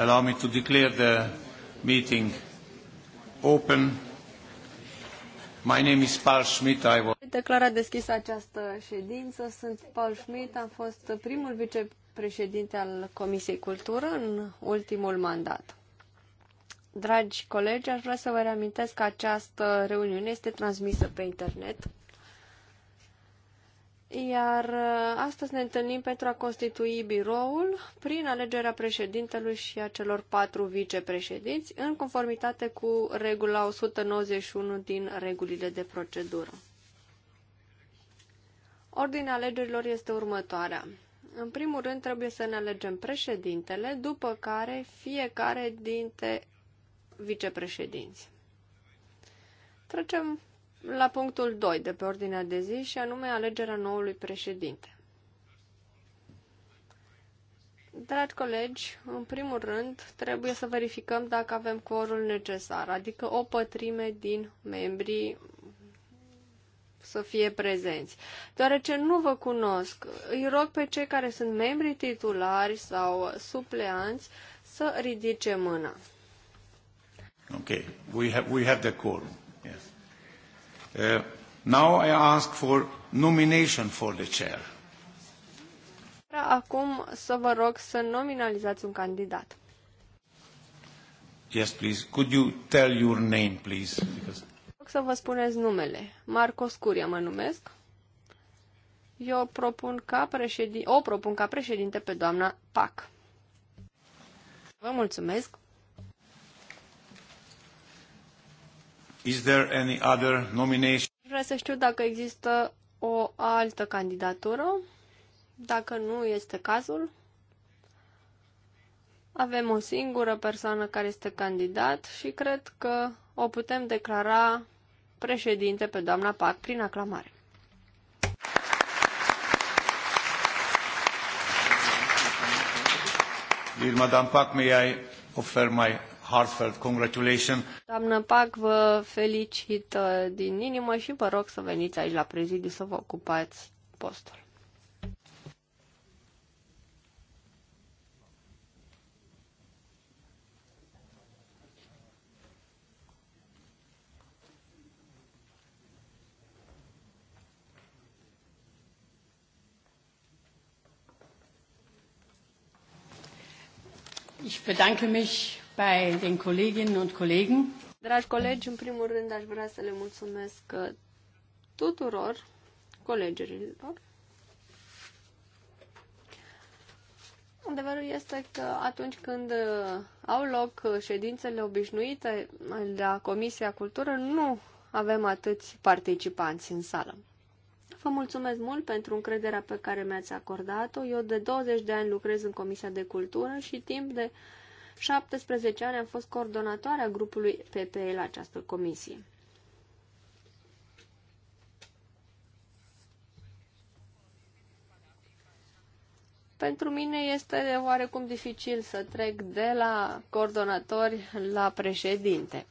Allow me to declare the meeting open. My name is Paul Schmidt. I was... Declara deschis această ședință. Sunt Paul Schmidt. Am fost primul vicepreședinte al Comisiei Cultură în ultimul mandat. Dragi colegi, aș vrea să vă reamintesc că această reuniune este transmisă pe internet. Iar uh, astăzi ne întâlnim pentru a constitui biroul prin alegerea președintelui și a celor patru vicepreședinți, în conformitate cu regula 191 din regulile de procedură. Ordinea alegerilor este următoarea. În primul rând trebuie să ne alegem președintele, după care fiecare dintre vicepreședinți. Trecem la punctul 2 de pe ordinea de zi și anume alegerea noului președinte. Dragi colegi, în primul rând trebuie să verificăm dacă avem corul necesar, adică o pătrime din membrii să fie prezenți. Deoarece nu vă cunosc, îi rog pe cei care sunt membri titulari sau supleanți să ridice mâna. Ok, we have, we have the quorum. Uh, now I ask for nomination for the chair. Acum să vă rog să nominalizați un candidat. Yes, please. Could you tell your name, please? Because... Rog să vă spuneți numele. Marco Scuria mă numesc. Eu propun ca președin... o propun ca președinte pe doamna PAC. Vă mulțumesc. Is there any other nomination? Vreau să știu dacă există o altă candidatură. Dacă nu este cazul, avem o singură persoană care este candidat și cred că o putem declara președinte pe doamna Pac prin aclamare. Dear Madame Pac, may I offer my heartfelt congratulations. Doamnă Pac, vă felicit uh, din inimă și vă rog să veniți aici la prezidiu să vă ocupați postul. Ich bedanke mich bei den Kolleginnen und Kollegen. Dragi colegi, în primul rând aș vrea să le mulțumesc uh, tuturor colegilor. Adevărul este că atunci când uh, au loc uh, ședințele obișnuite de la Comisia Cultură, nu avem atâți participanți în sală. Vă mulțumesc mult pentru încrederea pe care mi-ați acordat-o. Eu de 20 de ani lucrez în Comisia de Cultură și timp de 17 ani am fost coordonatoarea grupului PPE la această comisie. Pentru mine este oarecum dificil să trec de la coordonatori la președinte.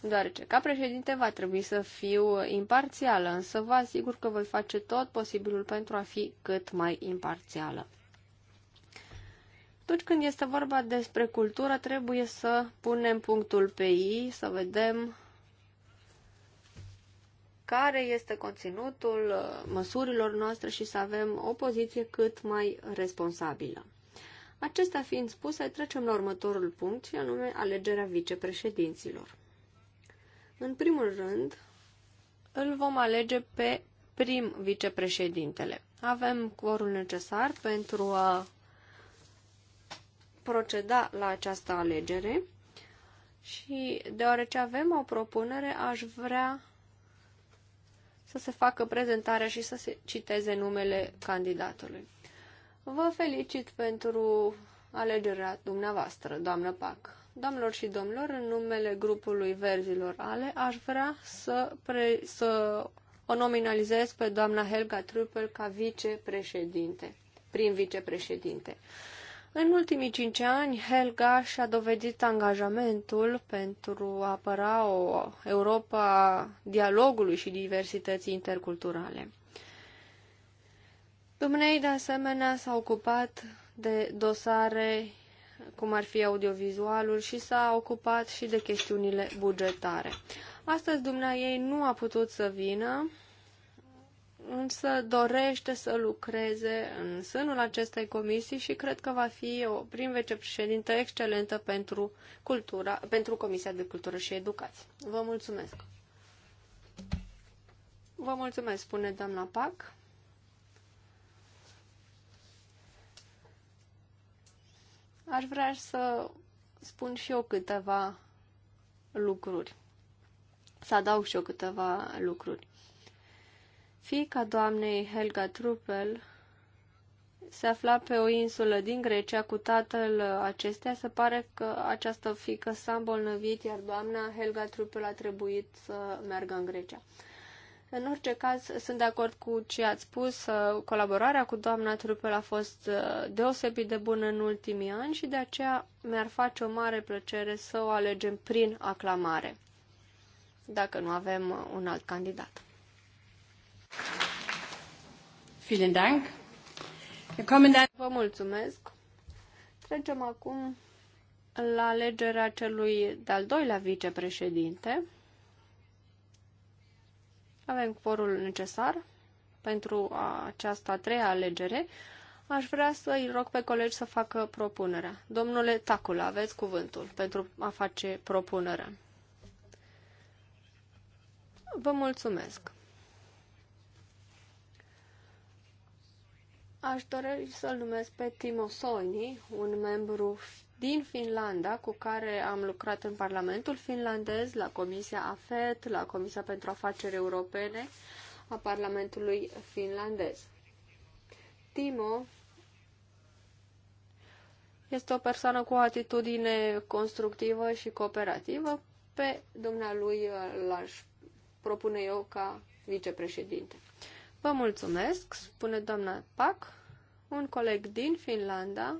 Deoarece ca președinte va trebui să fiu imparțială, însă vă asigur că voi face tot posibilul pentru a fi cât mai imparțială. Atunci când este vorba despre cultură, trebuie să punem punctul pe I, să vedem care este conținutul uh, măsurilor noastre și să avem o poziție cât mai responsabilă. Acestea fiind spuse, trecem la următorul punct, și anume alegerea vicepreședinților. În primul rând, îl vom alege pe prim vicepreședintele. Avem corul necesar pentru a proceda la această alegere și deoarece avem o propunere, aș vrea să se facă prezentarea și să se citeze numele candidatului. Vă felicit pentru alegerea dumneavoastră, doamnă Pac. Doamnelor și domnilor, în numele grupului Verzilor Ale, aș vrea să, pre, să o nominalizez pe doamna Helga Trupel ca vicepreședinte, prim vicepreședinte. În ultimii cinci ani, Helga și-a dovedit angajamentul pentru a apăra o Europa dialogului și diversității interculturale. Dumnezeu, de asemenea, s-a ocupat de dosare cum ar fi audiovizualul și s-a ocupat și de chestiunile bugetare. Astăzi dumnea ei nu a putut să vină, însă dorește să lucreze în sânul acestei comisii și cred că va fi o prim vicepreședintă excelentă pentru, cultura, pentru Comisia de Cultură și Educație. Vă mulțumesc! Vă mulțumesc, spune doamna Pac. Aș vrea să spun și eu câteva lucruri. Să adaug și eu câteva lucruri. Fica doamnei Helga Trupel se afla pe o insulă din Grecia cu tatăl acestea. Se pare că această fică s-a îmbolnăvit, iar doamna Helga Trupel a trebuit să meargă în Grecia. În orice caz, sunt de acord cu ce ați spus. Colaborarea cu doamna Trupel a fost uh, deosebit de bună în ultimii ani și de aceea mi-ar face o mare plăcere să o alegem prin aclamare, dacă nu avem uh, un alt candidat. Vielen Dank. Vă mulțumesc. Trecem acum la alegerea celui de-al doilea vicepreședinte. Avem forul necesar pentru această a treia alegere. Aș vrea să îi rog pe colegi să facă propunerea. Domnule Tacula, aveți cuvântul pentru a face propunerea. Vă mulțumesc. Aș dori să-l numesc pe Timo Soini, un membru din Finlanda cu care am lucrat în Parlamentul finlandez, la Comisia AFET, la Comisia pentru Afaceri Europene a Parlamentului finlandez. Timo este o persoană cu o atitudine constructivă și cooperativă. Pe dumnealui l-aș propune eu ca vicepreședinte. Vă mulțumesc, spune doamna Pac. Un coleg din Finlanda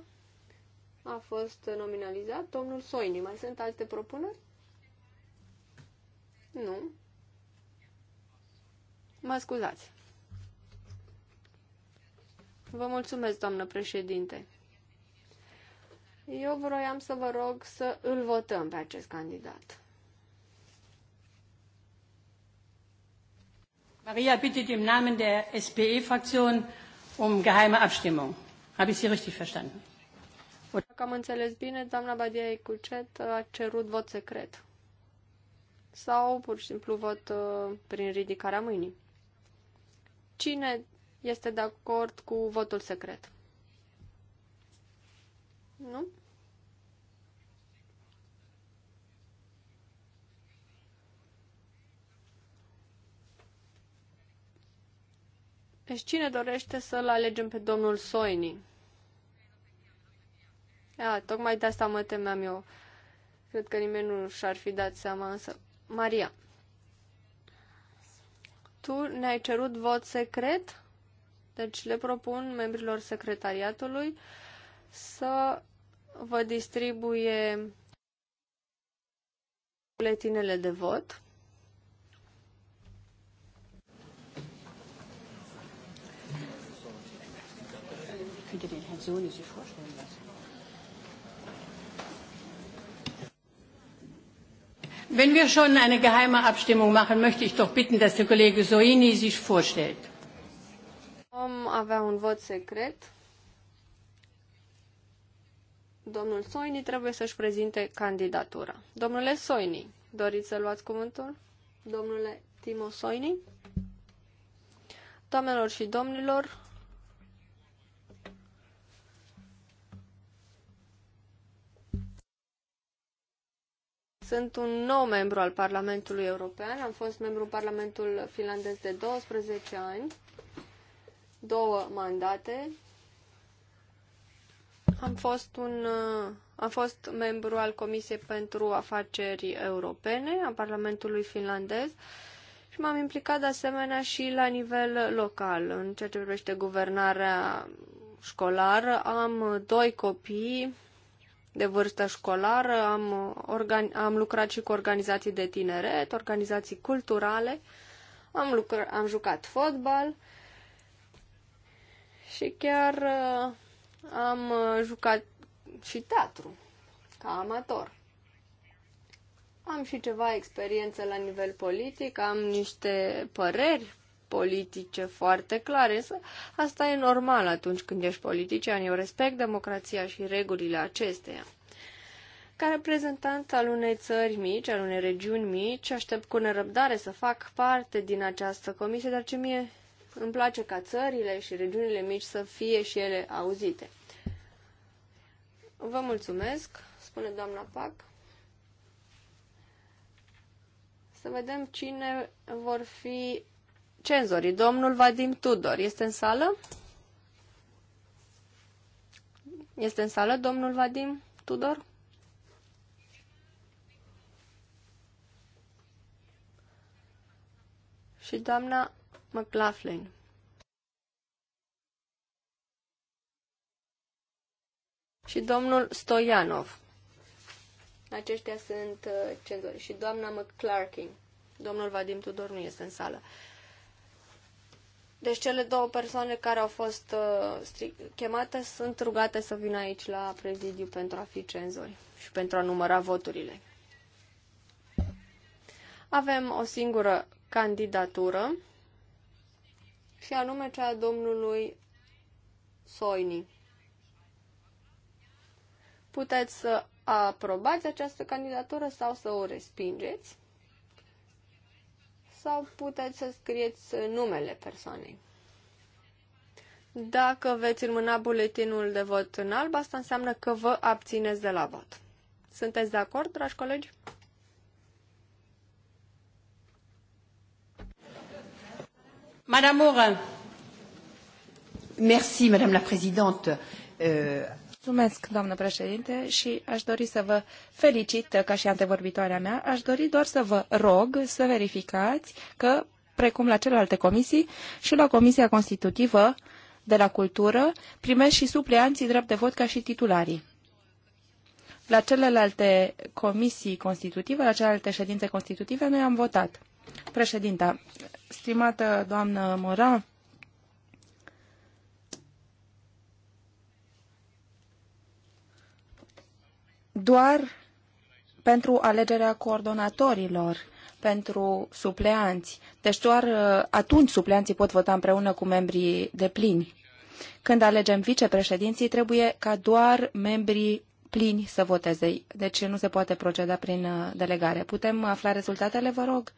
a fost nominalizat, domnul Soini. Mai sunt alte propuneri? Nu. Mă scuzați. Vă mulțumesc, doamnă președinte. Eu vroiam să vă rog să îl votăm pe acest candidat. Maria bittet im Namen der SPE-Fraktion um geheime Abstimmung. Habe ich Sie richtig verstanden? Dacă am înțeles bine, doamna Badia Icucet a cerut vot secret. Sau pur și simplu vot uh, prin ridicarea mâinii. Cine este de acord cu votul secret? Nu? Deci cine dorește să-l alegem pe domnul Soini? A, tocmai de asta mă temeam eu. Cred că nimeni nu și-ar fi dat seama, însă... Maria, tu ne-ai cerut vot secret? Deci le propun membrilor secretariatului să vă distribuie buletinele de vot. könnte den Herrn Sohne sich vorstellen lassen. Wenn wir schon eine geheime Abstimmung machen, möchte ich doch bitten, dass der Kollege Soini sich vorstellt. Vom avea un vot secret. Domnul Soini trebuie să-și prezinte candidatura. Domnule Soini, doriți să luați cuvântul? Domnule Timo Soini? Doamnelor și domnilor, Sunt un nou membru al Parlamentului European, am fost membru în Parlamentul finlandez de 12 ani, două mandate. Am fost, un, uh, am fost membru al Comisiei pentru Afaceri Europene a Parlamentului finlandez și m-am implicat de asemenea și la nivel local, în ceea ce privește guvernarea școlară. Am doi copii de vârstă școlară, am, am lucrat și cu organizații de tineret, organizații culturale, am, lucrat, am jucat fotbal și chiar uh, am uh, jucat și teatru ca amator. Am și ceva experiență la nivel politic, am niște păreri politice foarte clare, asta e normal atunci când ești politician. Eu respect democrația și regulile acesteia. Ca reprezentant al unei țări mici, al unei regiuni mici, aștept cu nerăbdare să fac parte din această comisie, dar ce mie îmi place ca țările și regiunile mici să fie și ele auzite. Vă mulțumesc, spune doamna Pac. Să vedem cine vor fi cenzorii. Domnul Vadim Tudor este în sală? Este în sală domnul Vadim Tudor? Și doamna McLaughlin. Și domnul Stoianov. Aceștia sunt uh, cenzori. Și doamna McClarkin. Domnul Vadim Tudor nu este în sală. Deci cele două persoane care au fost uh, chemate sunt rugate să vină aici la prezidiu pentru a fi cenzori și pentru a număra voturile. Avem o singură candidatură și anume cea a domnului Soini. Puteți să aprobați această candidatură sau să o respingeți sau puteți să scrieți numele persoanei. Dacă veți înmâna buletinul de vot în alb, asta înseamnă că vă abțineți de la vot. Sunteți de acord, dragi colegi? Madame Morin. Merci, Madame la Présidente. Euh, Mulțumesc, doamnă președinte, și aș dori să vă felicit ca și antevorbitoarea mea. Aș dori doar să vă rog să verificați că, precum la celelalte comisii, și la Comisia Constitutivă de la Cultură, primesc și supleanții drept de vot ca și titularii. La celelalte comisii constitutive, la celelalte ședințe constitutive, noi am votat. Președinta, stimată doamnă Moran, doar pentru alegerea coordonatorilor, pentru supleanți. Deci doar uh, atunci supleanții pot vota împreună cu membrii de plini. Când alegem vicepreședinții, trebuie ca doar membrii plini să voteze. Deci nu se poate proceda prin uh, delegare. Putem afla rezultatele, vă rog?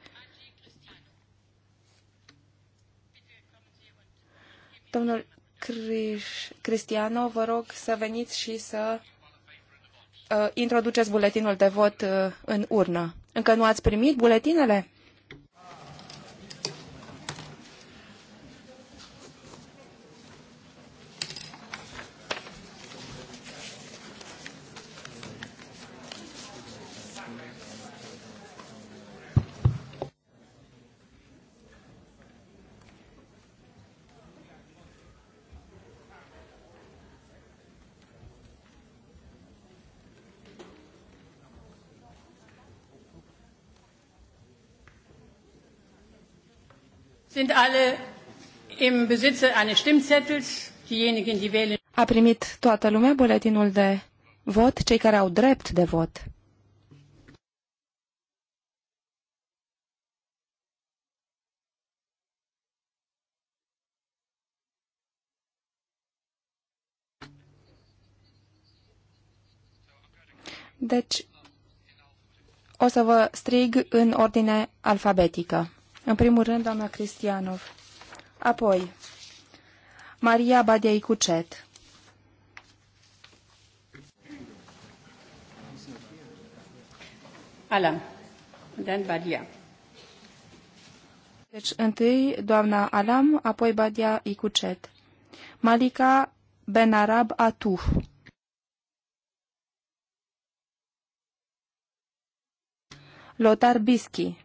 Domnul Cristiano, vă rog să veniți și să Uh, introduceți buletinul de vot uh, în urnă. Încă nu ați primit buletinele? Sind alle im Besitze eines Stimmzettels, diejenigen, die wählen. A primit toată lumea buletinul de vot, cei care au drept de vot. Deci, o să vă strig în ordine alfabetică. În primul rând, doamna Cristianov. Apoi, Maria Badiei Cucet. Alan. Dan Badia. Deci, întâi doamna Alam, apoi Badia Icucet. Malika Benarab Atuf. Lotar Biski.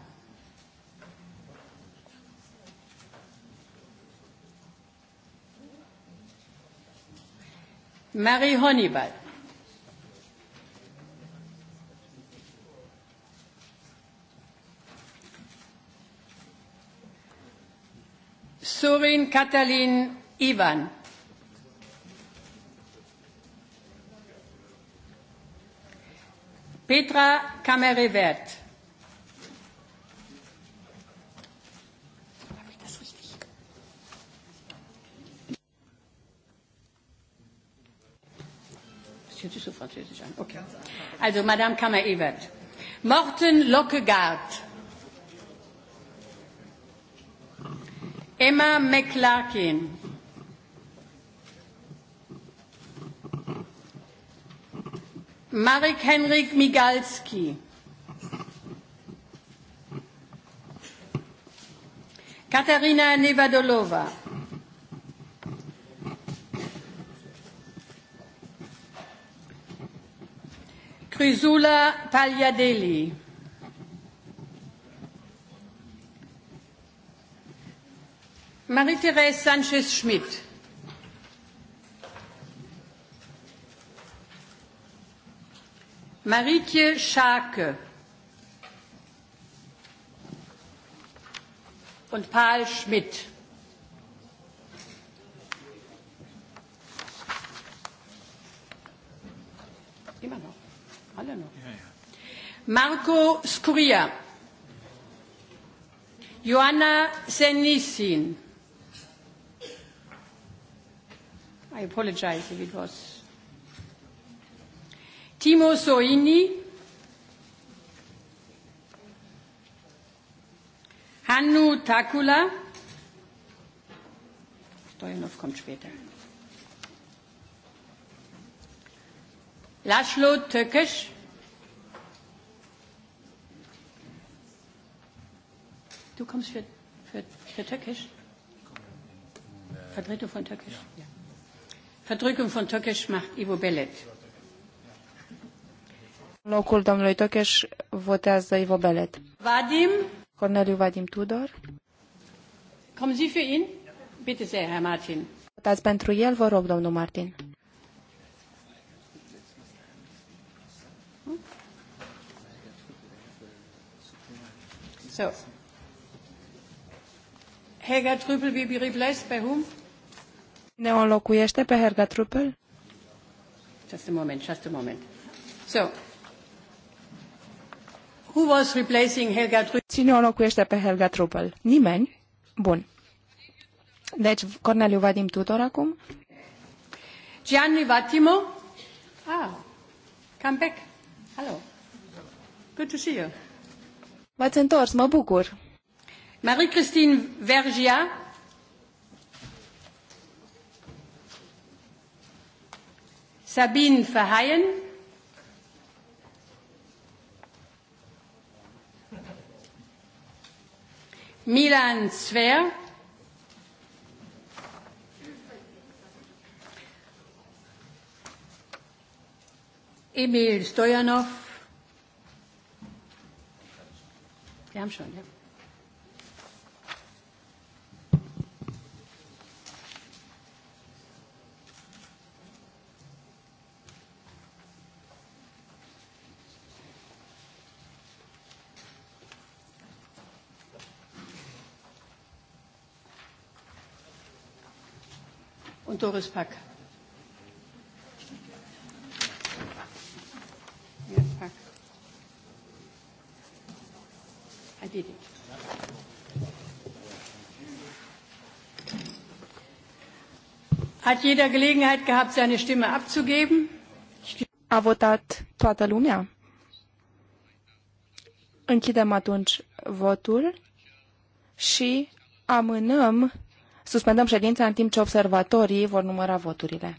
Marie Honeyball. Sorin Catalin Ivan. Petra Kamerevert. Französisch an. Okay. Also, Madame Kammer-Ebert. Morten Lockegaard. Emma McClarkin. Marek-Henrik Migalski. Katarina Nevadolova. Crisula Pagliadelli. Marie-Thérèse Sanchez-Schmidt. Marieke Schake. Und Paul Schmidt. Alle noch. Ja, ja. Marco Scuria. Ioana Senissin. I apologize if it was. Timo Soini. Hannu Takula. Stojanov kommt später. Laszlo Tökes. Du kommst für, für, für Türkisch? Vertretung von Türkisch? Ja. Verdrückung von Türkisch macht Ivo Bellet. locul domnului Tokes votează Ivo Belet. Vadim. Corneliu Vadim Tudor. Kommen Sie für ihn? Bitte sehr, Herr Martin. Votați pentru el, vă rog, domnul Martin. So. Helga Trüppel will replaced by whom? Ne înlocuiește pe Helga Trüppel? Just a moment, just a moment. So. Who was replacing Helga Trüppel? Cine înlocuiește pe Helga Trüppel? Nimeni? Bun. Deci, Corneliu Vadim Tudor acum. Gianni Vattimo. Ah, come back. Hello. Good to see you. V-ați întors, mă bucur. Marie-Christine Vergia. Sabine Verheyen. Milan Sver. Emil Stojanov. Wir haben schon, ja. Und Doris Pack. I did it. Hat jeder Gelegenheit gehabt, seine Stimme abzugeben? A votat toată lumea? Închidem atunci votul și amânăm, suspendăm ședința în timp ce observatorii vor număra voturile.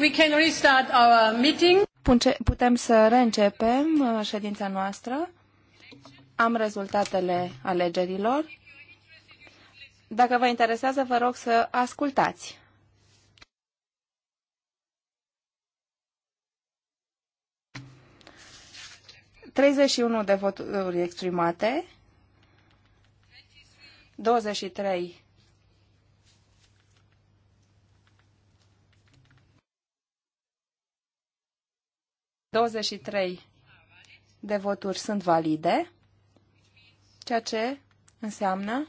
we can restart our meeting. Putem să reîncepem uh, ședința noastră. Am rezultatele alegerilor. Dacă vă interesează, vă rog să ascultați. Treizeci și unu de voturi exprimate, douăzeci și trei 23 de voturi sunt valide, ceea ce înseamnă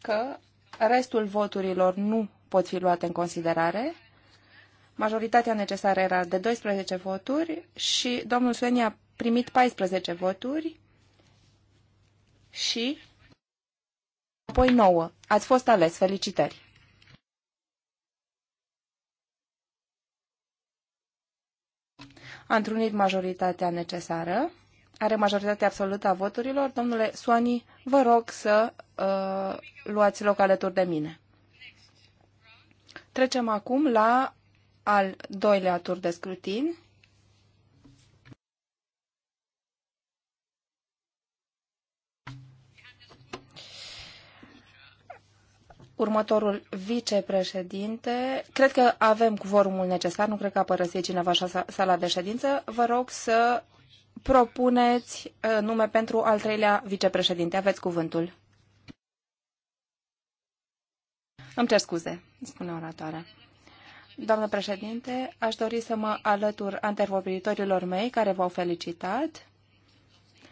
că restul voturilor nu pot fi luate în considerare. Majoritatea necesară era de 12 voturi și domnul Sueni a primit 14 voturi și apoi 9. Ați fost ales. Felicitări! a întrunit majoritatea necesară, are majoritatea absolută a voturilor. Domnule Soani, vă rog să uh, luați loc alături de mine. Trecem acum la al doilea tur de scrutin. următorul vicepreședinte. Cred că avem cuvorumul necesar, nu cred că a părăsit cineva așa sala de ședință. Vă rog să propuneți uh, nume pentru al treilea vicepreședinte. Aveți cuvântul. Îmi cer scuze, spune oratoarea. Doamnă președinte, aș dori să mă alătur antervorbitorilor mei care v-au felicitat.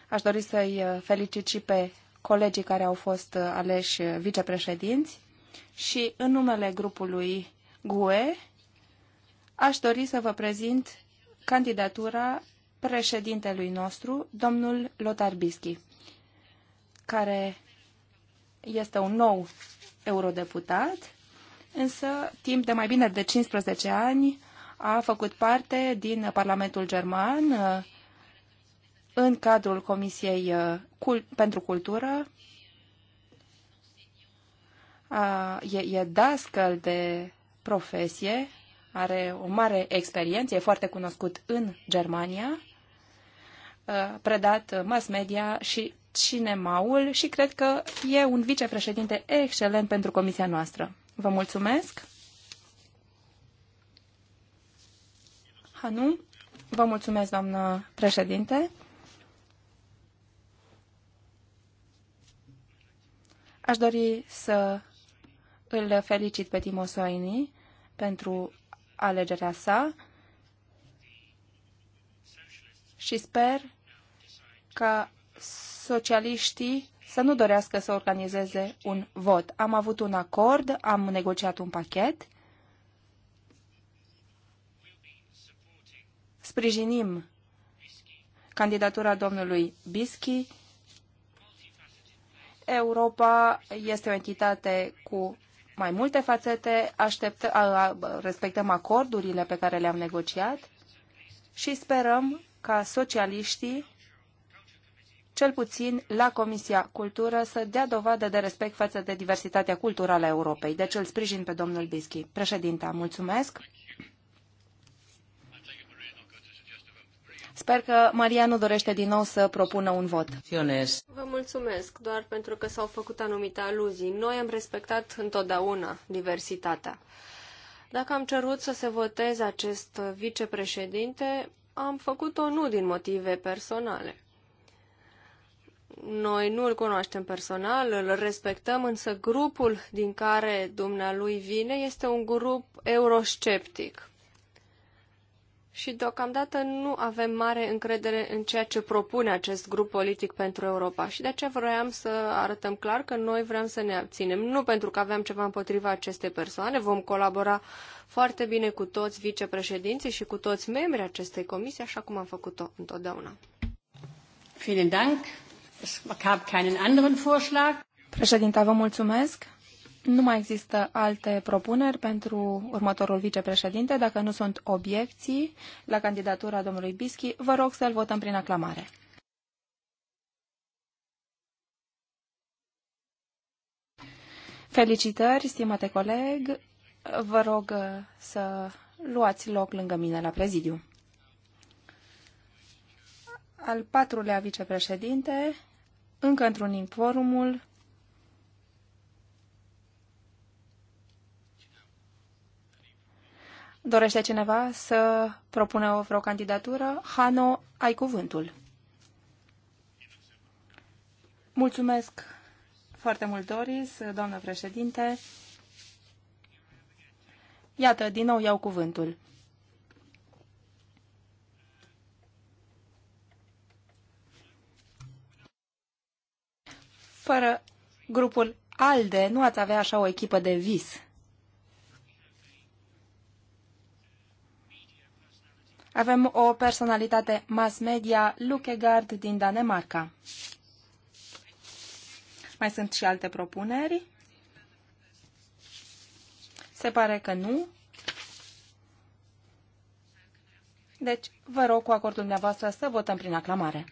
Aș dori să-i uh, felicit și pe colegii care au fost uh, aleși vicepreședinți și în numele grupului GUE aș dori să vă prezint candidatura președintelui nostru, domnul Lothar Bischi, care este un nou eurodeputat, însă timp de mai bine de 15 ani a făcut parte din Parlamentul German în cadrul Comisiei uh, pentru Cultură e, e dascăl de profesie, are o mare experiență, e foarte cunoscut în Germania, predat mass media și cinemaul și cred că e un vicepreședinte excelent pentru comisia noastră. Vă mulțumesc! Hanu, vă mulțumesc, doamnă președinte! Aș dori să îl felicit pe Timo Soini pentru alegerea sa și sper ca socialiștii să nu dorească să organizeze un vot. Am avut un acord, am negociat un pachet. Sprijinim candidatura domnului Bischi. Europa este o entitate cu mai multe fațete, aștept, respectăm acordurile pe care le-am negociat și sperăm ca socialiștii, cel puțin la Comisia Cultură, să dea dovadă de respect față de diversitatea culturală a Europei. Deci îl sprijin pe domnul Bischi. Președinta, mulțumesc. Sper că Maria nu dorește din nou să propună un vot. Vă mulțumesc, doar pentru că s-au făcut anumite aluzii. Noi am respectat întotdeauna diversitatea. Dacă am cerut să se voteze acest vicepreședinte, am făcut-o nu din motive personale. Noi nu îl cunoaștem personal, îl respectăm, însă grupul din care dumnealui vine este un grup eurosceptic și deocamdată nu avem mare încredere în ceea ce propune acest grup politic pentru Europa și de aceea vroiam să arătăm clar că noi vrem să ne abținem. Nu pentru că aveam ceva împotriva acestei persoane, vom colabora foarte bine cu toți vicepreședinții și cu toți membrii acestei comisii, așa cum am făcut-o întotdeauna. Vielen Dank. Es gab keinen anderen Vorschlag. Președinta, vă mulțumesc. Nu mai există alte propuneri pentru următorul vicepreședinte. Dacă nu sunt obiecții la candidatura domnului Bischi, vă rog să-l votăm prin aclamare. Felicitări, stimate coleg. Vă rog uh, să luați loc lângă mine la prezidiu. Al patrulea vicepreședinte, încă într-un informul, Dorește cineva să propună vreo candidatură? Hano, ai cuvântul. Mulțumesc foarte mult, Doris, doamnă președinte. Iată, din nou iau cuvântul. Fără grupul ALDE, nu ați avea așa o echipă de vis. Avem o personalitate mass media, Lukegaard din Danemarca. Mai sunt și alte propuneri? Se pare că nu. Deci, vă rog cu acordul dumneavoastră să votăm prin aclamare.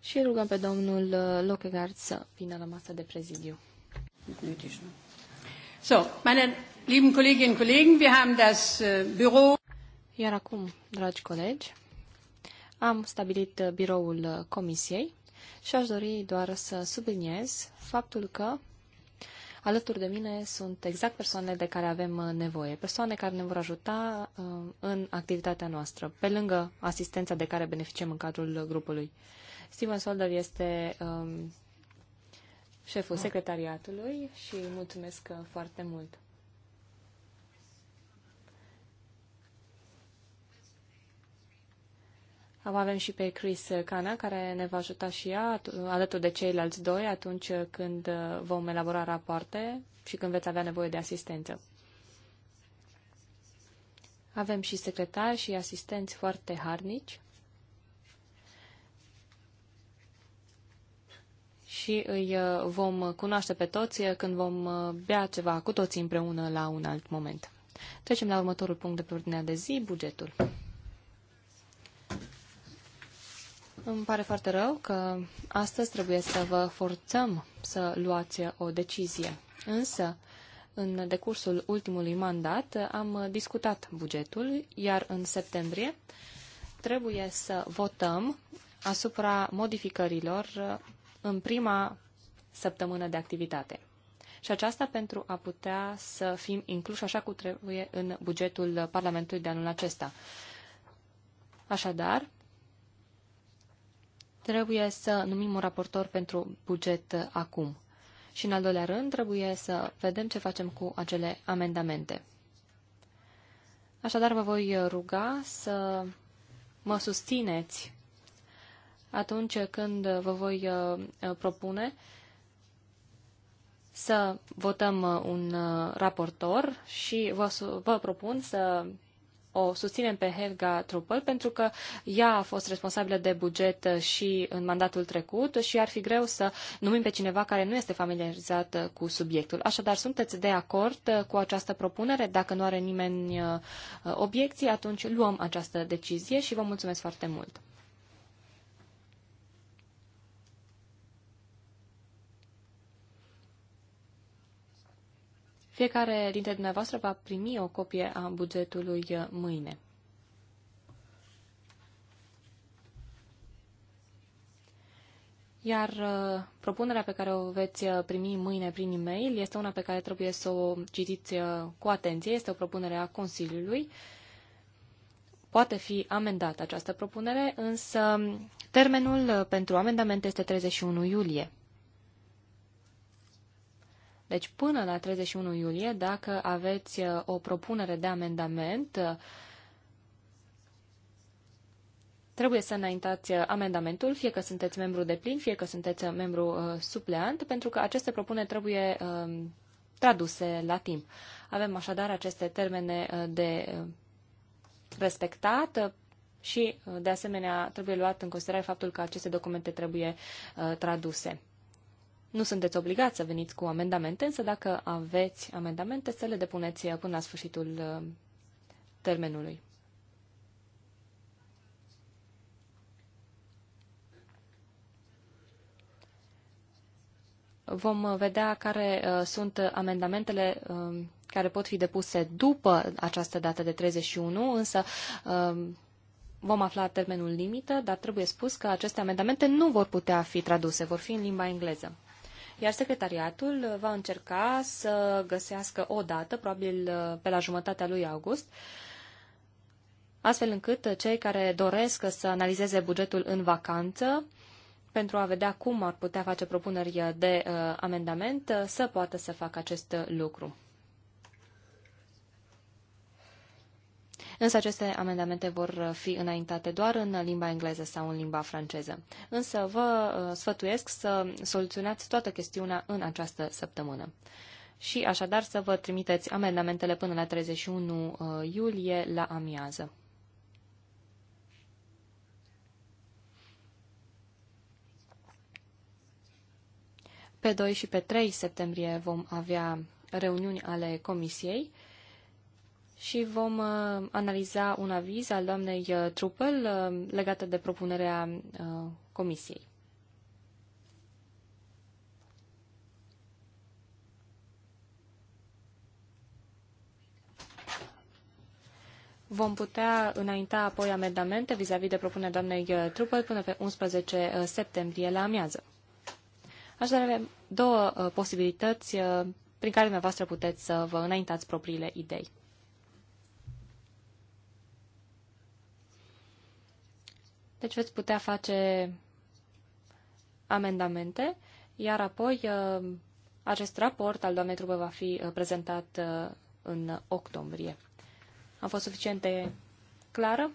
Și rugăm pe domnul uh, Lockegaard să vină la masa de prezidiu. So, meine lieben Kolleginnen und Kollegen, wir haben das äh, Büro. Iar acum, dragi colegi, am stabilit uh, biroul uh, comisiei și aș dori doar să subliniez faptul că alături de mine sunt exact persoanele de care avem uh, nevoie, persoane care ne vor ajuta în activitatea noastră, pe lângă asistența de care beneficiem în cadrul grupului. Steven Solder este um, șeful ah. secretariatului și mulțumesc foarte mult. Avem și pe Chris Cana, care ne va ajuta și ea, alături de ceilalți doi, atunci când vom elabora rapoarte și când veți avea nevoie de asistență. Avem și secretari și asistenți foarte harnici. și îi uh, vom cunoaște pe toți uh, când vom uh, bea ceva cu toții împreună la un alt moment. Trecem la următorul punct de pe ordinea de zi, bugetul. Îmi pare foarte rău că astăzi trebuie să vă forțăm să luați o decizie. Însă, în decursul ultimului mandat am discutat bugetul, iar în septembrie trebuie să votăm asupra modificărilor în prima săptămână de activitate. Și aceasta pentru a putea să fim incluși așa cum trebuie în bugetul Parlamentului de anul acesta. Așadar, trebuie să numim un raportor pentru buget acum. Și în al doilea rând, trebuie să vedem ce facem cu acele amendamente. Așadar, vă voi ruga să mă susțineți atunci când vă voi uh, uh, propune să votăm uh, un raportor și vă, vă propun să o susținem pe Helga Truppel pentru că ea a fost responsabilă de buget și în mandatul trecut și ar fi greu să numim pe cineva care nu este familiarizat cu subiectul. Așadar, sunteți de acord cu această propunere? Dacă nu are nimeni obiecții, atunci luăm această decizie și vă mulțumesc foarte mult. Fiecare dintre dumneavoastră va primi o copie a bugetului uh, mâine. Iar uh, propunerea pe care o veți uh, primi mâine prin e-mail este una pe care trebuie să o citiți cu atenție. Este o propunere a Consiliului. Poate fi amendată această propunere, însă termenul pentru amendament este 31 iulie. Deci până la 31 iulie, dacă aveți uh, o propunere de amendament, uh, trebuie să înaintați uh, amendamentul, fie că sunteți membru de plin, fie că sunteți membru supleant, pentru că aceste propuneri trebuie um, traduse la timp. Avem așadar aceste termene de respectat și, de asemenea, trebuie luat în considerare faptul că aceste documente trebuie traduse. Nu sunteți obligați să veniți cu amendamente, însă dacă aveți amendamente, să le depuneți până la sfârșitul uh, termenului. Vom uh, vedea care uh, sunt amendamentele um, care pot fi depuse după această dată de 31, însă um, vom afla termenul limită, dar trebuie spus că aceste amendamente nu vor putea fi traduse, vor fi în limba engleză iar secretariatul va încerca să găsească o dată, probabil pe la jumătatea lui august, astfel încât cei care doresc să analizeze bugetul în vacanță, pentru a vedea cum ar putea face propuneri de uh, amendament, uh, să poată să facă acest lucru. Însă aceste amendamente vor fi înaintate doar în limba engleză sau în limba franceză. Însă vă uh, sfătuiesc să soluționați toată chestiunea în această săptămână și așadar să vă trimiteți amendamentele până la 31 uh, iulie la amiază. Pe 2 și pe 3 septembrie vom avea reuniuni ale comisiei și vom uh, analiza un aviz al doamnei uh, Trupel uh, legată de propunerea comisiei. Vom putea înainta apoi amendamente vis-a-vis -vis de propunerea doamnei Trupel până pe 11 septembrie la amiază. Așadar, avem două posibilități prin care dumneavoastră puteți să vă înaintați propriile idei. Deci veți putea face amendamente, iar apoi uh, acest raport al doamnei Trubă va fi uh, prezentat uh, în octombrie. Am fost suficient de clară?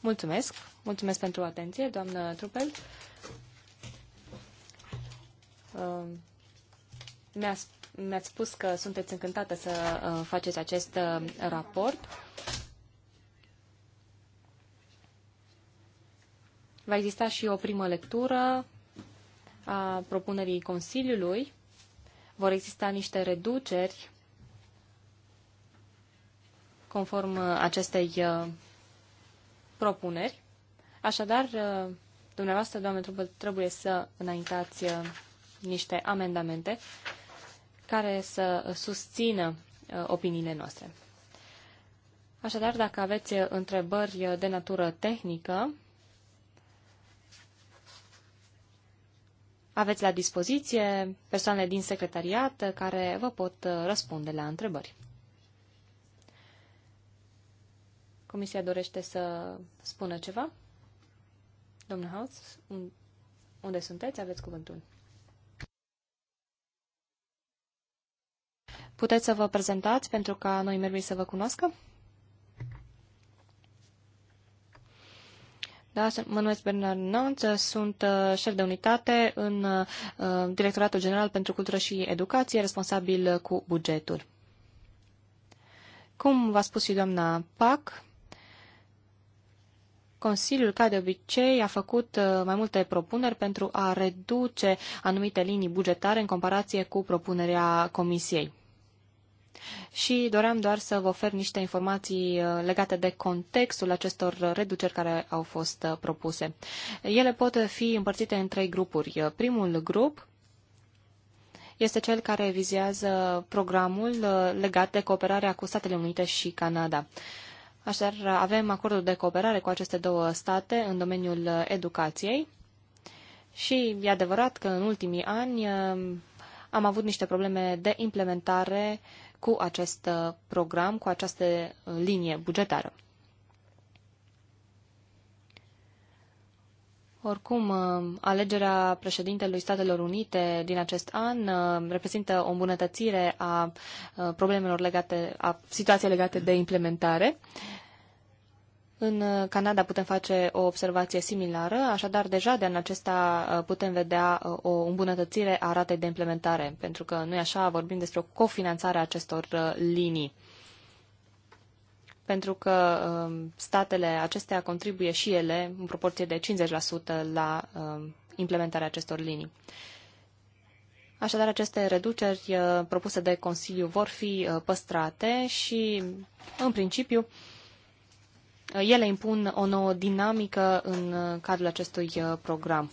Mulțumesc! Mulțumesc pentru atenție, doamnă Trupel. Mi-ați mi spus că sunteți încântată să faceți acest raport. Va exista și o primă lectură a propunerii Consiliului. Vor exista niște reduceri conform acestei uh, propuneri. Așadar, uh, dumneavoastră, doamne, trebuie să înaintați uh, niște amendamente care să susțină opiniile noastre. Așadar, dacă aveți întrebări de natură tehnică, aveți la dispoziție persoanele din secretariat care vă pot uh, răspunde la întrebări. Comisia dorește să spună ceva? Domnul Haus, unde sunteți? Aveți cuvântul. Puteți să vă prezentați pentru ca noi membrii să vă cunoască? Da, mă Bernard Nanț, sunt uh, șef de unitate în uh, Directoratul General pentru Cultură și Educație, responsabil uh, cu bugetul. Cum v-a spus și doamna Pac, Consiliul, ca de obicei, a făcut mai multe propuneri pentru a reduce anumite linii bugetare în comparație cu propunerea Comisiei. Și doream doar să vă ofer niște informații uh, legate de contextul acestor reduceri care au fost uh, propuse. Ele pot fi împărțite în trei grupuri. Uh, primul grup este cel care vizează programul legat de cooperarea cu Statele Unite și Canada. Așadar, avem acordul de cooperare cu aceste două state în domeniul educației și e adevărat că în ultimii ani am avut niște probleme de implementare cu acest uh, program, cu această uh, linie bugetară. Oricum, uh, alegerea președintelui Statelor Unite din acest an reprezintă o îmbunătățire a problemelor legate, a situației legate de implementare. Uh, în uh, Canada putem face o observație similară, așadar deja de anul acesta uh, putem vedea uh, o îmbunătățire a ratei de implementare, pentru că noi așa vorbim despre o cofinanțare a acestor linii. Pentru că um, statele acestea contribuie și ele în proporție de 50% la um, implementarea acestor linii. Așadar, aceste reduceri propuse de Consiliu vor fi păstrate și, în principiu, ele impun o nouă dinamică în uh, cadrul acestui uh, program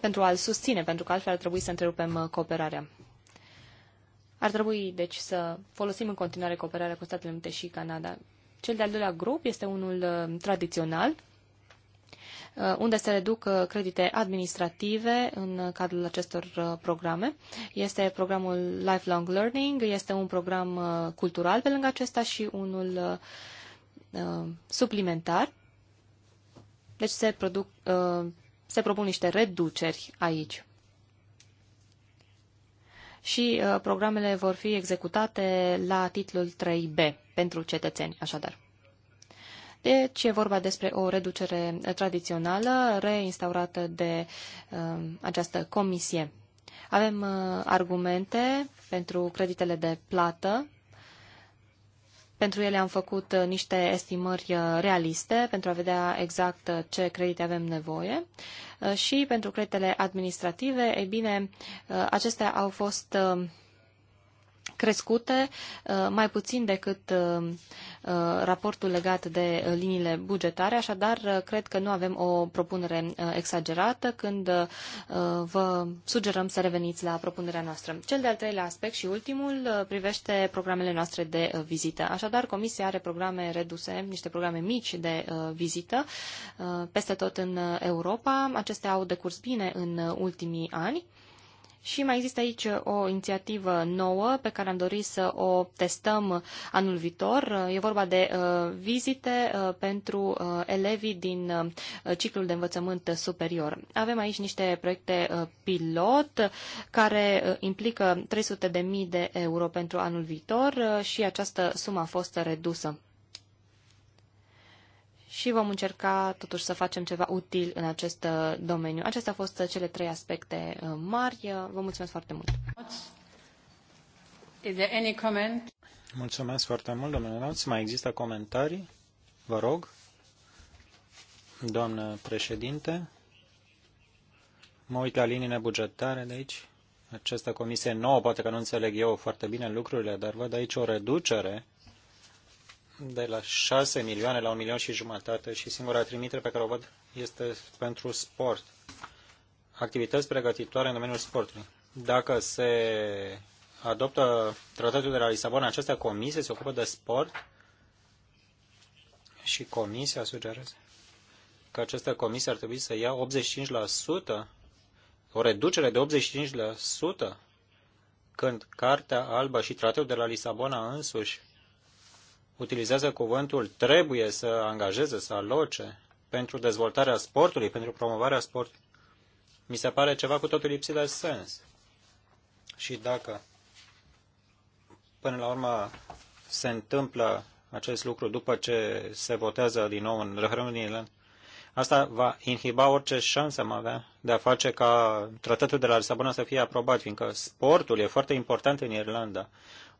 pentru a-l susține, pentru că altfel ar trebui să întrerupem uh, cooperarea. Ar trebui, deci, să folosim în continuare cooperarea cu Statele Unite și Canada. Cel de-al doilea grup este unul tradițional, unde se reduc credite administrative în cadrul acestor programe. Este programul Lifelong Learning, este un program cultural pe lângă acesta și unul uh, suplimentar. Deci se, produc, uh, se propun niște reduceri aici. Și uh, programele vor fi executate la titlul 3B pentru cetățeni, așadar. Deci e vorba despre o reducere tradițională reinstaurată de uh, această comisie. Avem uh, argumente pentru creditele de plată pentru ele am făcut uh, niște estimări uh, realiste pentru a vedea exact uh, ce credite avem nevoie și pentru creditele administrative, ei bine, acestea au fost crescute mai puțin decât Uh, raportul legat de uh, liniile bugetare, așadar uh, cred că nu avem o propunere exagerată când vă sugerăm să reveniți la propunerea noastră. Cel de-al treilea aspect și ultimul privește programele noastre de vizită. Așadar, Comisia are programe reduse, niște programe mici de vizită peste tot în Europa. Acestea au decurs bine în ultimii ani și mai există aici uh, o inițiativă nouă pe care am dorit să o testăm uh, anul viitor. Uh, e vorba de vizite pentru elevii din ciclul de învățământ superior. Avem aici niște proiecte pilot care implică 300.000 de euro pentru anul viitor și această sumă a fost redusă și vom încerca totuși să facem ceva util în acest uh, domeniu. Acestea au fost uh, cele trei aspecte uh, mari. Vă mulțumesc foarte mult! Is there any comment? Mulțumesc foarte mult, domnule Lanț. Mai există comentarii? Vă rog. Doamnă președinte, mă uit la liniile bugetare de aici. Această comisie nouă, poate că nu înțeleg eu foarte bine lucrurile, dar văd aici o reducere de la 6 milioane la 1 milion și jumătate și singura trimitere pe care o văd este pentru sport. Activități pregătitoare în domeniul sportului. Dacă se adoptă tratatul de la Lisabona, această comisie se ocupă de sport și comisia sugerează că această comisie ar trebui să ia 85%, o reducere de 85% când Cartea Albă și Tratatul de la Lisabona însuși utilizează cuvântul trebuie să angajeze, să aloce pentru dezvoltarea sportului, pentru promovarea sportului, mi se pare ceva cu totul lipsit de sens. Și dacă până la urmă se întâmplă acest lucru după ce se votează din nou în referendumul asta va inhiba orice șansă am avea de a face ca tratatul de la Lisabona să fie aprobat, fiindcă sportul e foarte important în Irlanda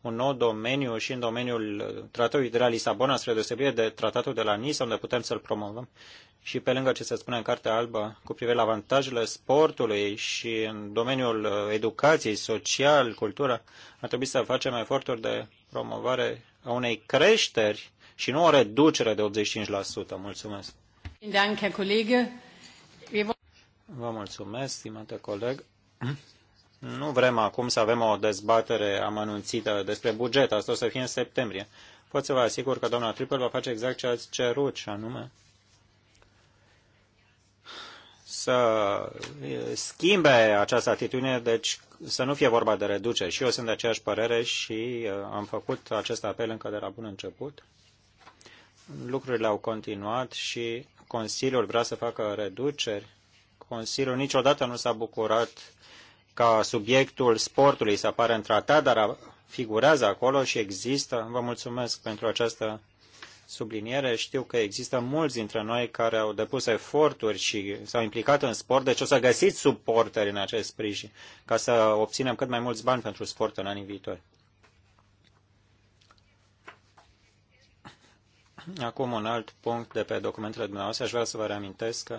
un nou domeniu și în domeniul Tratatului de la Lisabona, spre deosebire de Tratatul de la Nice, unde putem să-l promovăm. Și pe lângă ce se spune în Cartea Albă cu privire la avantajele sportului și în domeniul educației, social, cultură, ar trebui să facem eforturi de promovare a unei creșteri și nu o reducere de 85%. Mulțumesc! Vă mulțumesc, stimate coleg. Nu vrem acum să avem o dezbatere amănunțită despre buget, asta o să fie în septembrie. Pot să vă asigur că doamna Triple va face exact ce ați cerut, și anume să schimbe această atitudine, deci să nu fie vorba de reducere. Și eu sunt de aceeași părere și uh, am făcut acest apel încă de la bun început. Lucrurile au continuat și Consiliul vrea să facă reduceri. Consiliul niciodată nu s-a bucurat ca subiectul sportului să apară în tratat, dar figurează acolo și există. Vă mulțumesc pentru această subliniere. Știu că există mulți dintre noi care au depus eforturi și s-au implicat în sport, deci o să găsiți suporteri în acest sprijin ca să obținem cât mai mulți bani pentru sport în anii viitori. Acum un alt punct de pe documentele dumneavoastră. Aș vrea să vă reamintesc că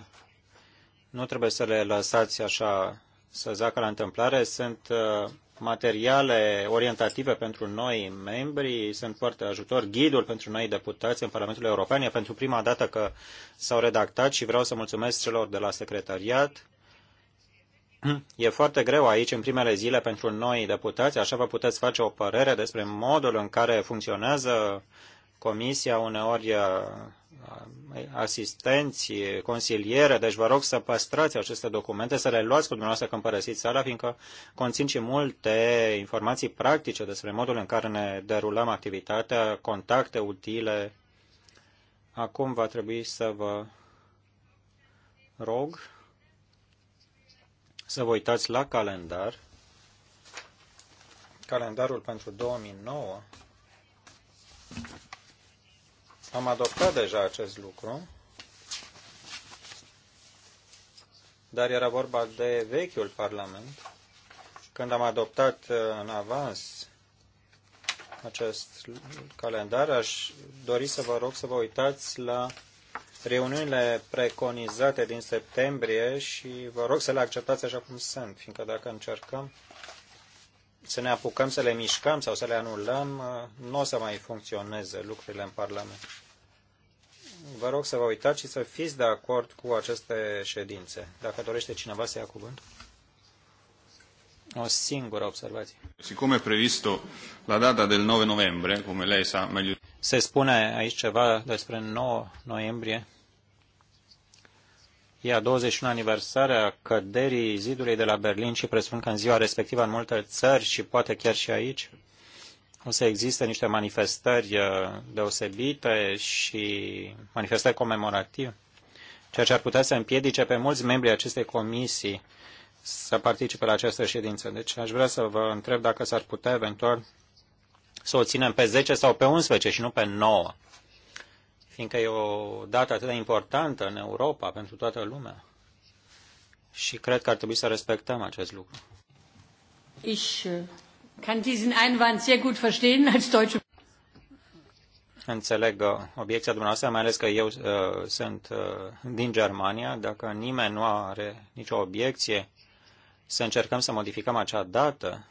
nu trebuie să le lăsați așa să zacă la întâmplare. Sunt uh, materiale orientative pentru noi membri, sunt foarte ajutor, ghidul pentru noi deputați în Parlamentul European. E pentru prima dată că s-au redactat și vreau să mulțumesc celor de la secretariat. E foarte greu aici în primele zile pentru noi deputați, așa vă puteți face o părere despre modul în care funcționează comisia, uneori uh, asistenți, consiliere, deci vă rog să păstrați aceste documente, să le luați cu dumneavoastră când părăsiți sala, fiindcă conțin și multe informații practice despre modul în care ne derulăm activitatea, contacte utile. Acum va trebui să vă rog să vă uitați la calendar. Calendarul pentru 2009 am adoptat deja acest lucru, dar era vorba de vechiul Parlament, când am adoptat uh, în avans acest calendar, aș dori să vă rog să vă uitați la reuniunile preconizate din septembrie și vă rog să le acceptați așa cum sunt, fiindcă dacă încercăm să ne apucăm să le mișcăm sau să le anulăm, uh, nu o să mai funcționeze lucrurile în Parlament vă rog să vă uitați și să fiți de acord cu aceste ședințe. Dacă dorește cineva să ia cuvânt. O singură observație. Siccome previsto la data del 9 novembre, come lei sa mai Se spune aici ceva despre 9 noiembrie. E a 21 aniversare a căderii zidului de la Berlin și presupun că în ziua respectivă în multe țări și poate chiar și aici o să existe niște manifestări uh, deosebite și manifestări comemorative, ceea ce ar putea să împiedice pe mulți membri acestei comisii să participe la această ședință. Deci aș vrea să vă întreb dacă s-ar putea eventual să o ținem pe 10 sau pe 11 și nu pe 9, fiindcă e o dată atât de importantă în Europa pentru toată lumea și cred că ar trebui să respectăm acest lucru. Ich uh, Kann diesen Einwand sehr gut verstehen als deutsche Înțeleg uh, obiecția dumneavoastră, mai ales că eu uh, sunt uh, din Germania. Dacă nimeni nu are nicio obiecție, să încercăm să modificăm acea dată.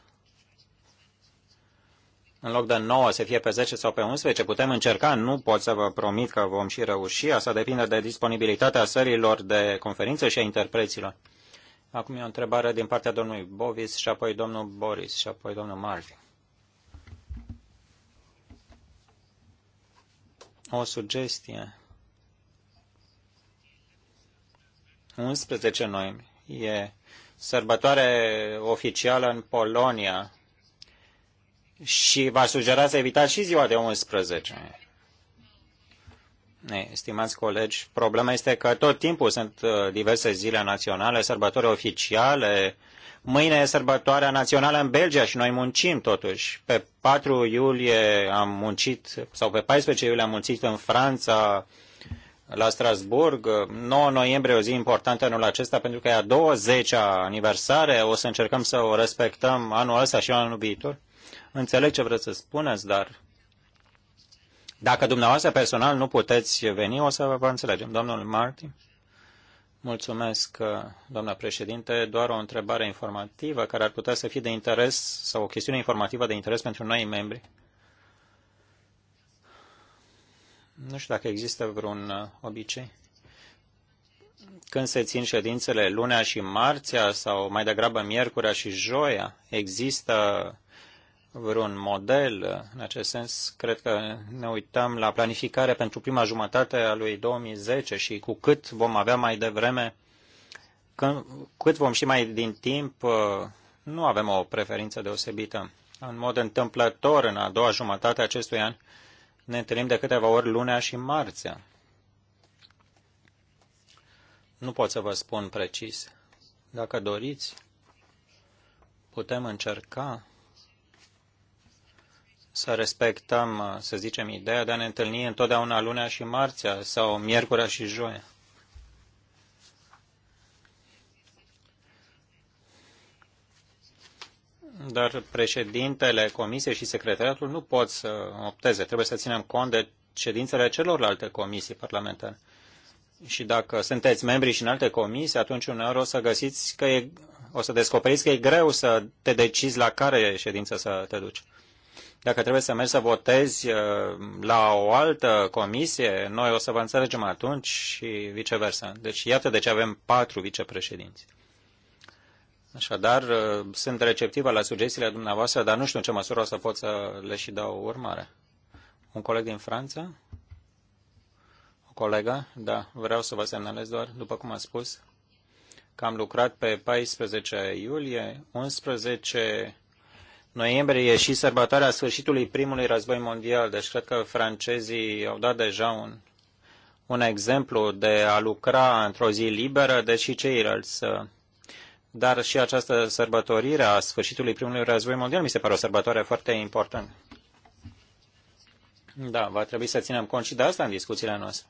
În loc de 9 să fie pe 10 sau pe 11, putem încerca. Nu pot să vă promit că vom și reuși. Asta depinde de disponibilitatea sărilor de conferință și a interpreților. Acum e o întrebare din partea domnului Bovis și apoi domnul Boris și apoi domnul Marvin. O sugestie. 11 noiembrie e sărbătoare oficială în Polonia și v sugera să evitați și ziua de 11. Stimați colegi, problema este că tot timpul sunt uh, diverse zile naționale, sărbători oficiale. Mâine e sărbătoarea națională în Belgia și noi muncim totuși. Pe 4 iulie am muncit, sau pe 14 iulie am muncit în Franța, la Strasburg. 9 noiembrie, o zi importantă anul acesta, pentru că e a 20-a aniversare. O să încercăm să o respectăm anul ăsta și anul viitor. Înțeleg ce vreți să spuneți, dar dacă dumneavoastră personal nu puteți veni, o să vă înțelegem. Domnul Martin. Mulțumesc, uh, doamna președinte. Doar o întrebare informativă care ar putea să fie de interes sau o chestiune informativă de interes pentru noi membri. Nu știu dacă există vreun uh, obicei. Când se țin ședințele lunea și marțea sau mai degrabă miercurea și joia, există vreun model în acest sens. Cred că ne uităm la planificare pentru prima jumătate a lui 2010 și cu cât vom avea mai devreme, când, cât vom ști mai din timp, uh, nu avem o preferință deosebită. În mod întâmplător, în a doua jumătate a acestui an, ne întâlnim de câteva ori lunea și marțea. Nu pot să vă spun precis. Dacă doriți, putem încerca să respectăm, să zicem, ideea de a ne întâlni întotdeauna lunea și marțea sau miercurea și joia. Dar președintele comisiei și secretariatul nu pot să opteze. Trebuie să ținem cont de ședințele celorlalte comisii parlamentare. Și dacă sunteți membri și în alte comisii, atunci uneori o să găsiți că e, o să descoperiți că e greu să te decizi la care ședință să te duci. Dacă trebuie să mergi să votezi uh, la o altă comisie, noi o să vă înțelegem atunci și viceversa. Deci iată de ce avem patru vicepreședinți. Așadar, uh, sunt receptivă la sugestiile dumneavoastră, dar nu știu în ce măsură o să pot să le și dau urmare. Un coleg din Franța? O colegă? Da, vreau să vă semnalez doar, după cum am spus, că am lucrat pe 14 iulie, 11 noiembrie e și sărbătoarea sfârșitului primului război mondial, deci cred că francezii au dat deja un, un exemplu de a lucra într-o zi liberă, deși și ceilalți. Uh, dar și această sărbătorire a sfârșitului primului război mondial mi se pare o sărbătoare foarte importantă. Da, va trebui să ținem cont și de asta în discuțiile noastre.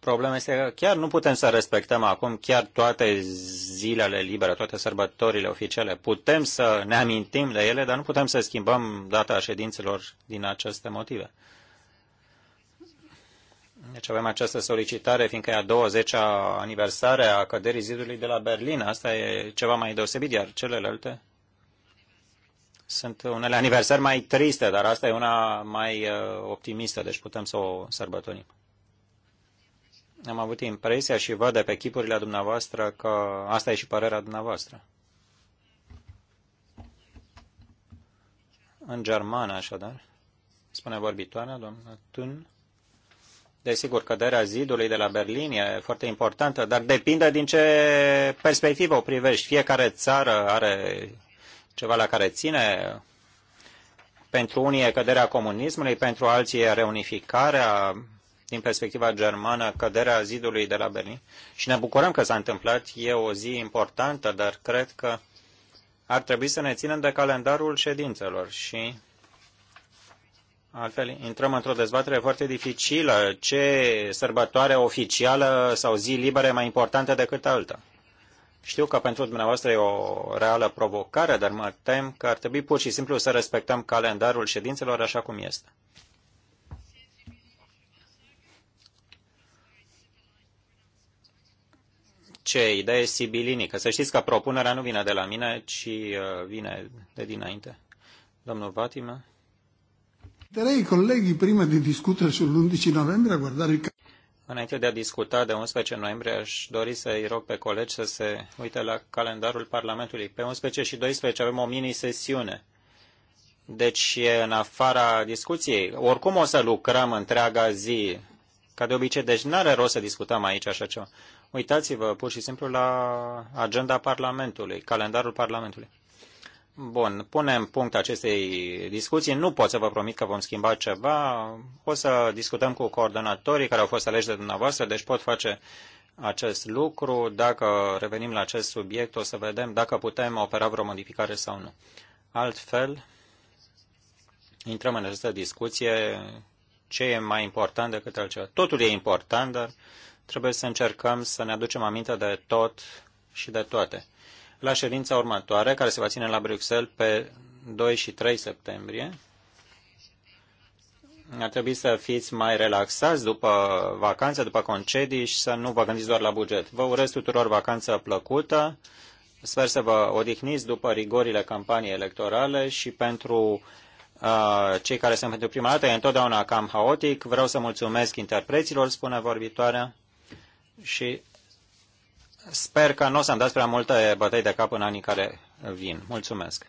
Problema este că chiar nu putem să respectăm acum chiar toate zilele libere, toate sărbătorile oficiale. Putem să ne amintim de ele, dar nu putem să schimbăm data ședințelor din aceste motive. Deci avem această solicitare, fiindcă e a 20-a aniversare a căderii zidului de la Berlin. Asta e ceva mai deosebit, iar celelalte sunt unele aniversări mai triste, dar asta e una mai uh, optimistă, deci putem să o sărbătorim am avut impresia și văd de pe chipurile dumneavoastră că asta e și părerea dumneavoastră. În germană, așadar, spune vorbitoarea, doamna Tun. Desigur, căderea zidului de la Berlin e foarte importantă, dar depinde din ce perspectivă o privești. Fiecare țară are ceva la care ține. Pentru unii e căderea comunismului, pentru alții e reunificarea, din perspectiva germană, căderea zidului de la Berlin și ne bucurăm că s-a întâmplat. E o zi importantă, dar cred că ar trebui să ne ținem de calendarul ședințelor și altfel intrăm într-o dezbatere foarte dificilă. Ce sărbătoare oficială sau zi liberă e mai importantă decât alta? Știu că pentru dumneavoastră e o reală provocare, dar mă tem că ar trebui pur și simplu să respectăm calendarul ședințelor așa cum este. ce idee sibilinică. Că să știți că propunerea nu vine de la mine, ci uh, vine de dinainte. Domnul Vatima? Darei colegii, prima de discutere 11 noiembrie, a guardare il Înainte de a discuta de 11 noiembrie, aș dori să-i rog pe colegi să se uite la calendarul Parlamentului. Pe 11 și 12 avem o mini-sesiune. Deci e în afara discuției. Oricum o să lucrăm întreaga zi, ca de obicei. Deci nu are rost să discutăm aici așa ceva. Uitați-vă pur și simplu la agenda Parlamentului, calendarul Parlamentului. Bun, punem punct acestei discuții. Nu pot să vă promit că vom schimba ceva. O să discutăm cu coordonatorii care au fost aleși de dumneavoastră, deci pot face acest lucru. Dacă revenim la acest subiect, o să vedem dacă putem opera vreo modificare sau nu. Altfel, intrăm în această discuție ce e mai important decât altceva. Totul e important, dar trebuie să încercăm să ne aducem aminte de tot și de toate. La ședința următoare, care se va ține la Bruxelles pe 2 și 3 septembrie, ar trebui să fiți mai relaxați după vacanță, după concedii și să nu vă gândiți doar la buget. Vă urez tuturor vacanță plăcută. Sper să vă odihniți după rigorile campaniei electorale și pentru uh, cei care sunt pentru prima dată, e întotdeauna cam haotic. Vreau să mulțumesc interpreților, spune vorbitoarea și sper că nu o să-mi dați prea multe bătăi de cap în anii care vin. Mulțumesc!